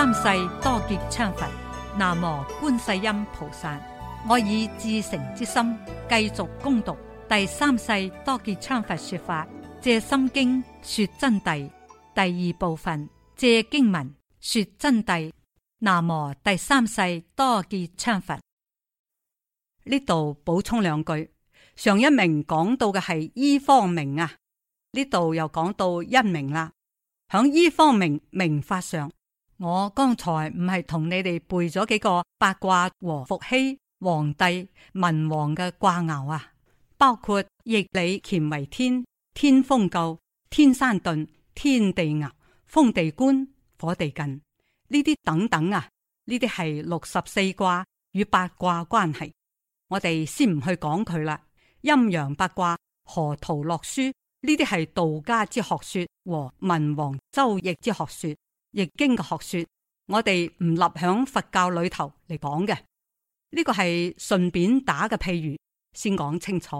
三世多杰羌佛，南無觀世音菩薩。我以至誠之心繼續恭讀第三世多杰羌佛說法，借心經說真諦第二部分，借經文說真諦。南無第三世多杰羌佛。呢度補充兩句，上一名講到嘅係醫方明啊，呢度又講到因明啦。響醫方明明法上。我剛才唔係同你哋背咗幾個八卦和伏羲、皇帝、文王嘅掛牛啊，包括易理乾為天，天風姤、天山遁、天地牛、風地觀、火地晉，呢啲等等啊，呢啲係六十四卦與八卦關係。我哋先唔去講佢啦。陰陽八卦、河圖洛書呢啲係道家之學說和文王周易之學說。易經嘅學說，我哋唔立響佛教裏頭嚟講嘅，呢、這個係順便打嘅譬喻，先講清楚，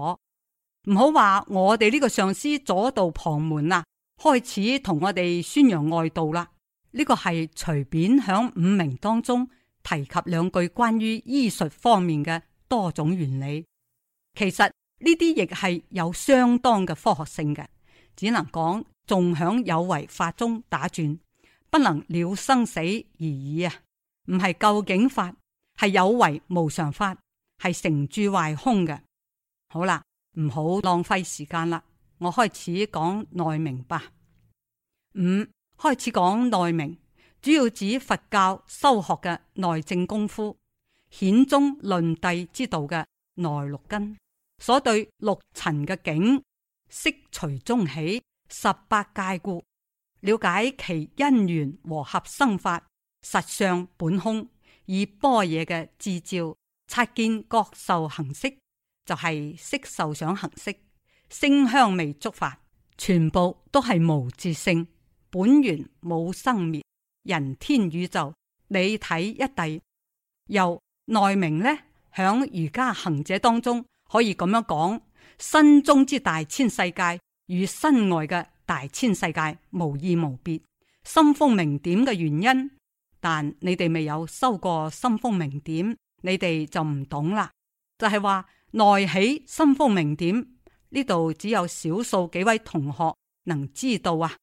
唔好話我哋呢個上司左道旁門啦，開始同我哋宣揚外道啦。呢、這個係隨便響五明當中提及兩句關於醫術方面嘅多種原理，其實呢啲亦係有相當嘅科學性嘅，只能講仲響有為法中打轉。不能了生死而已啊！唔係究竟法，係有為無常法，係成住壞空嘅。好啦，唔好浪費時間啦，我開始講內明吧。五開始講內明，主要指佛教修學嘅內證功夫，顯宗論帝之道嘅內六根所對六塵嘅境，色隨中起，十八界故。了解其因緣和合生法實相本空，以般若嘅智照察見各受行色，就係、是、色受想行識。聲香味觸法，全部都係無自性，本源冇生滅。人天宇宙，你睇一地，由內明呢，響瑜伽行者當中可以咁樣講，身中之大千世界與身外嘅。大千世界無異無別，心風明點嘅原因，但你哋未有收過心風明點，你哋就唔懂啦。就係、是、話內起心風明點，呢度只有少數幾位同學能知道啊，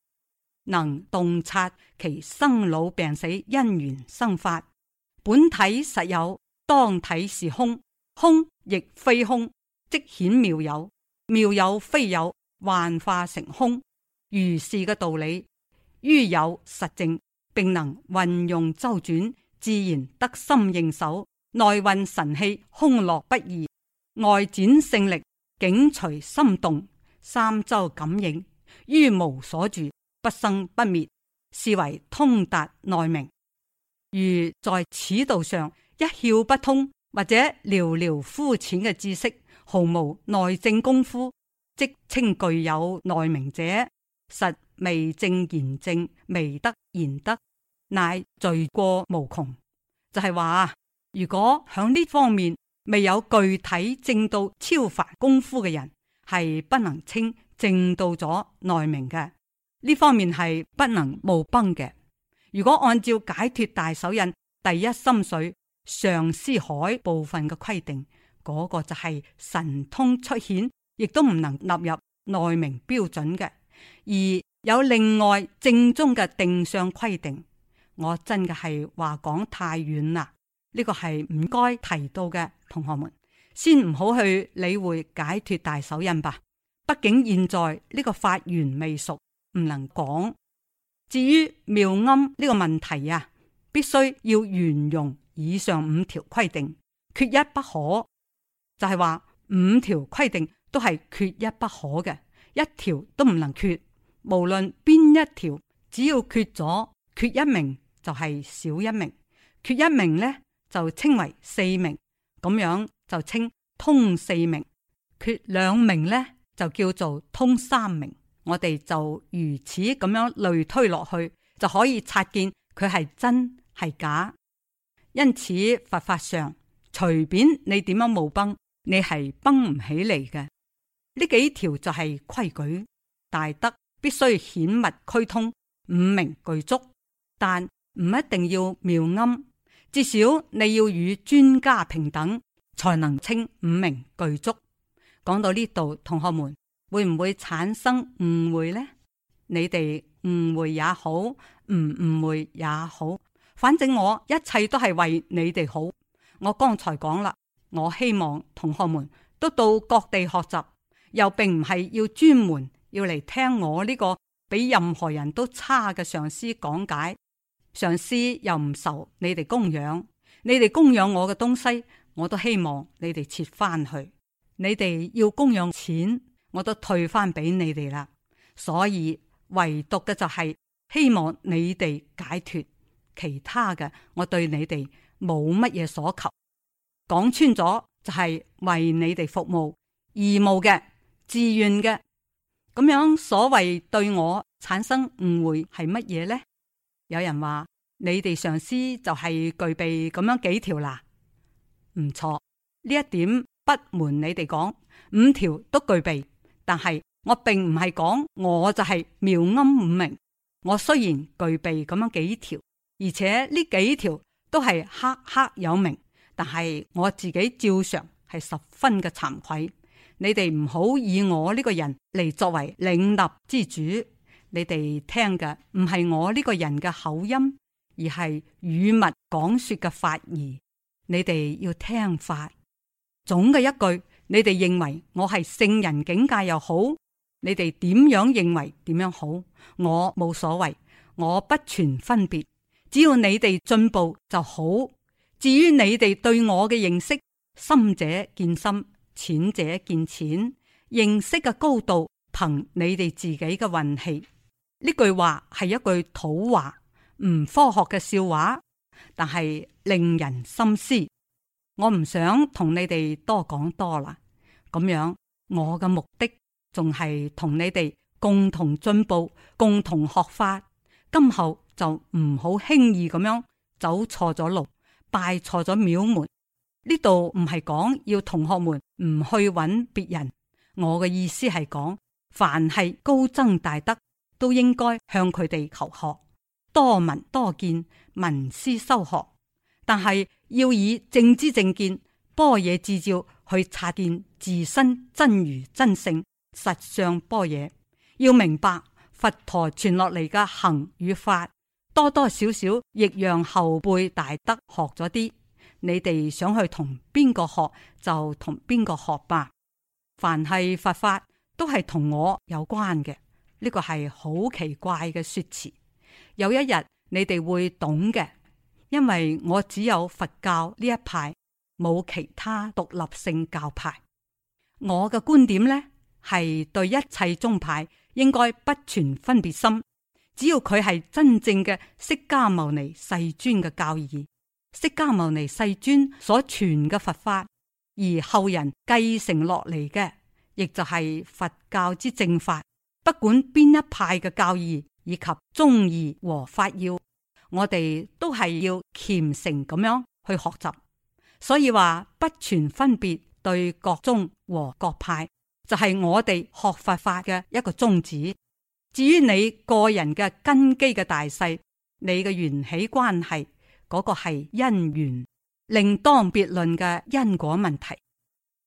能洞察其生老病死、因緣生法，本體實有，當體是空，空亦非空，即顯妙有，妙有非有，幻化成空。如是嘅道理，於有實證，並能運用周轉，自然得心應手，內運神氣，空落不移，外展勝力，境隨心動，三周感應，於無所住，不生不滅，是為通達內明。如在此道上一竅不通，或者寥寥膚淺嘅知識，毫無內證功夫，即稱具有內明者。實未證言證，未得言得，乃罪過無窮。就係、是、話如果響呢方面未有具體證道超凡功夫嘅人，係不能稱證道咗內明嘅。呢方面係不能冒崩嘅。如果按照解脱大手印第一心水上師海部分嘅規定，嗰、那個就係神通出顯，亦都唔能納入內明標準嘅。而有另外正宗嘅定向規定，我真嘅係話講太遠啦，呢、這個係唔該提到嘅。同學們先唔好去理會解脫大手印吧，畢竟現在呢、這個法緣未熟，唔能講。至於妙庵呢個問題啊，必須要圓融以上五條規定，缺一不可。就係、是、話五條規定都係缺一不可嘅。一條都唔能缺，無論邊一條，只要缺咗，缺一名就係少一名，缺一名呢，就稱為四名，咁樣就稱通四名，缺兩名呢，就叫做通三名，我哋就如此咁樣類推落去，就可以察見佢係真係假。因此佛法，法上，隨便你點樣冇崩，你係崩唔起嚟嘅。呢幾條就係規矩，大德必須顯密趨通，五明具足，但唔一定要妙音，至少你要與專家平等，才能稱五明具足。講到呢度，同學們會唔會產生誤會呢？你哋誤會也好，唔誤會也好，反正我一切都係為你哋好。我剛才講啦，我希望同學們都到各地學習。又並唔係要專門要嚟聽我呢個比任何人都差嘅上師講解，上師又唔受你哋供養，你哋供養我嘅東西，我都希望你哋撤翻去。你哋要供養錢，我都退翻俾你哋啦。所以唯獨嘅就係希望你哋解脫，其他嘅，我對你哋冇乜嘢所求。講穿咗就係為你哋服務義務嘅。自願嘅咁樣，所謂對我產生誤會係乜嘢呢？有人話你哋上司就係具備咁樣幾條啦，唔錯呢一點不瞞你哋講，五條都具備。但係我並唔係講我就係妙諳五明，我雖然具備咁樣幾條，而且呢幾條都係赫赫有名，但係我自己照常係十分嘅慚愧。你哋唔好以我呢個人嚟作為領立之主。你哋聽嘅唔係我呢個人嘅口音，而係語物講說嘅法義。你哋要聽法。總嘅一句，你哋認為我係聖人境界又好，你哋點樣認為點樣好，我冇所謂，我不存分別。只要你哋進步就好。至於你哋對我嘅認識，深者見深。淺者見淺，認識嘅高度憑你哋自己嘅運氣。呢句話係一句土話，唔科學嘅笑話，但係令人深思。我唔想同你哋多講多啦，咁樣我嘅目的仲係同你哋共同進步，共同學法。今後就唔好輕易咁樣走錯咗路，拜錯咗廟門。呢度唔係講要同學們唔去揾別人，我嘅意思係講，凡係高僧大德都應該向佢哋求學，多聞多見，聞思修學，但係要以正知正見、般若智照去察見自身真如真性實相般若，要明白佛陀傳落嚟嘅行與法，多多少少亦讓後輩大德學咗啲。你哋想去同邊個學就同邊個學吧。凡係佛法都係同我有關嘅，呢個係好奇怪嘅說辭。有一日你哋會懂嘅，因為我只有佛教呢一派，冇其他獨立性教派。我嘅觀點呢，係對一切宗派應該不存分別心，只要佢係真正嘅釋迦牟尼世尊嘅教義。釋迦牟尼世尊所傳嘅佛法，而後人繼承落嚟嘅，亦就係佛教之正法。不管邊一派嘅教義以及宗義和法要，我哋都係要虔誠咁樣去學習。所以話不存分別對各宗和各派，就係我哋學佛法嘅一個宗旨。至於你個人嘅根基嘅大細，你嘅緣起關係。嗰個係因緣，另當別論嘅因果問題。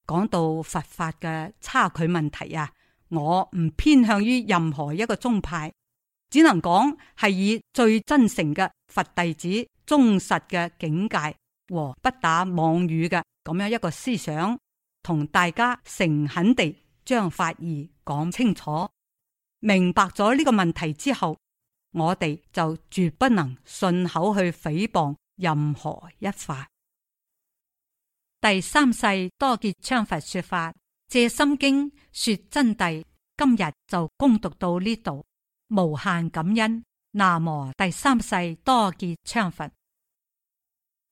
講到佛法嘅差距問題啊，我唔偏向於任何一個宗派，只能講係以最真誠嘅佛弟子、忠實嘅境界和不打妄語嘅咁樣一個思想，同大家誠懇地將法義講清楚，明白咗呢個問題之後。我哋就絕不能信口去誹謗任何一法。第三世多杰羌佛說法，藉心經說真諦。今日就恭讀到呢度，無限感恩。南無第三世多杰羌佛。